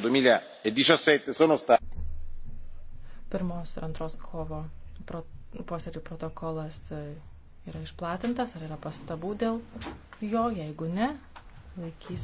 duemiladiciassette sono stati. pirmos ir antros kovo pro, posėdžių protokolas e, yra išplatintas ar yra pastabų dėl jo jeigu ne laikysime